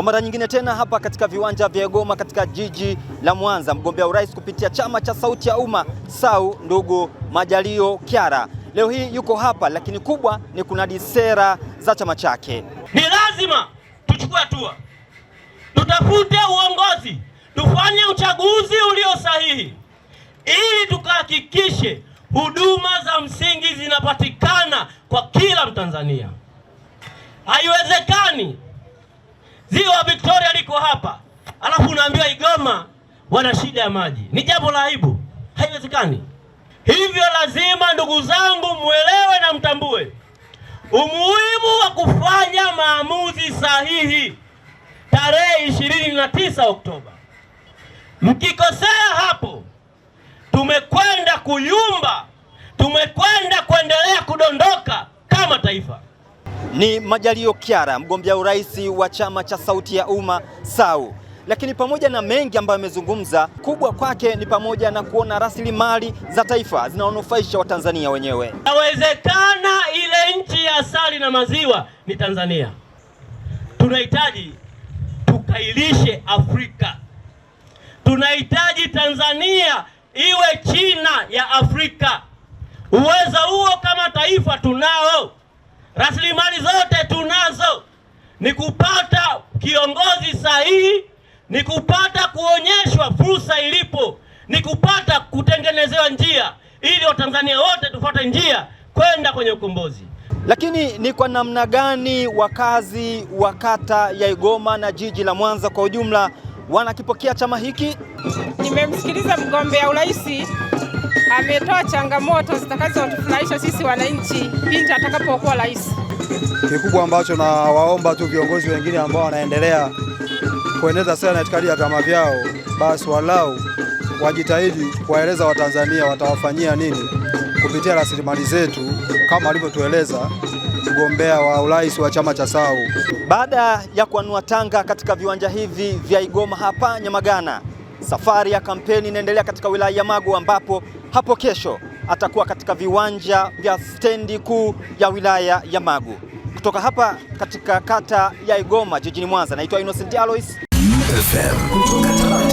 Kwa mara nyingine tena hapa katika viwanja vya Egoma katika jiji la Mwanza, mgombea urais kupitia chama cha Sauti ya Umma SAU ndugu Majalio Kyara leo hii yuko hapa, lakini kubwa ni kunadi sera za chama chake. Ni lazima tuchukue hatua, tutafute uongozi, tufanye uchaguzi ulio sahihi ili tukahakikishe huduma za msingi zinapatikana kwa kila Mtanzania. Haiwezekani Ziwa Victoria liko hapa, alafu unaambiwa Igoma wana shida ya maji. Ni jambo la aibu, haiwezekani. Hivyo lazima ndugu zangu, mwelewe na mtambue umuhimu wa kufanya maamuzi sahihi tarehe ishirini na tisa Oktoba. Mkikosea hapo, tumekwenda kuyumba, tumekwenda kuendelea kudondoka kama taifa ni Majalio Kyara, mgombea urais wa chama cha Sauti ya Umma SAU. Lakini pamoja na mengi ambayo amezungumza, kubwa kwake ni pamoja na kuona rasilimali za taifa zinaonufaisha Watanzania wenyewe. Inawezekana ile nchi ya asali na maziwa ni Tanzania, tunahitaji tukailishe Afrika, tunahitaji Tanzania iwe China ya Afrika. Uwezo huo kama taifa tunao. Rasilimali zote tunazo, ni kupata kiongozi sahihi, ni kupata kuonyeshwa fursa ilipo, ni kupata kutengenezewa njia ili Watanzania wote tufuate njia kwenda kwenye ukombozi. Lakini ni kwa namna gani wakazi wa kata ya Igoma na jiji la Mwanza kwa ujumla wanakipokea chama hiki? Nimemsikiliza mgombea urais ametoa changamoto zitakazotufurahisha sisi wananchi pindi atakapokuwa rais. Kikubwa ambacho nawaomba tu viongozi wengine ambao wanaendelea kueneza sera na itikadi ya vyama vyao, basi walau wajitahidi kuwaeleza Watanzania watawafanyia nini kupitia rasilimali zetu, kama alivyotueleza mgombea wa urais wa chama cha SAU. Baada ya kuanua tanga katika viwanja hivi vya Igoma hapa Nyamagana, safari ya kampeni inaendelea katika wilaya ya Magu ambapo hapo kesho atakuwa katika viwanja vya stendi kuu ya wilaya ya Magu. Kutoka hapa katika kata ya Igoma jijini Mwanza, naitwa Innocent Alois FM.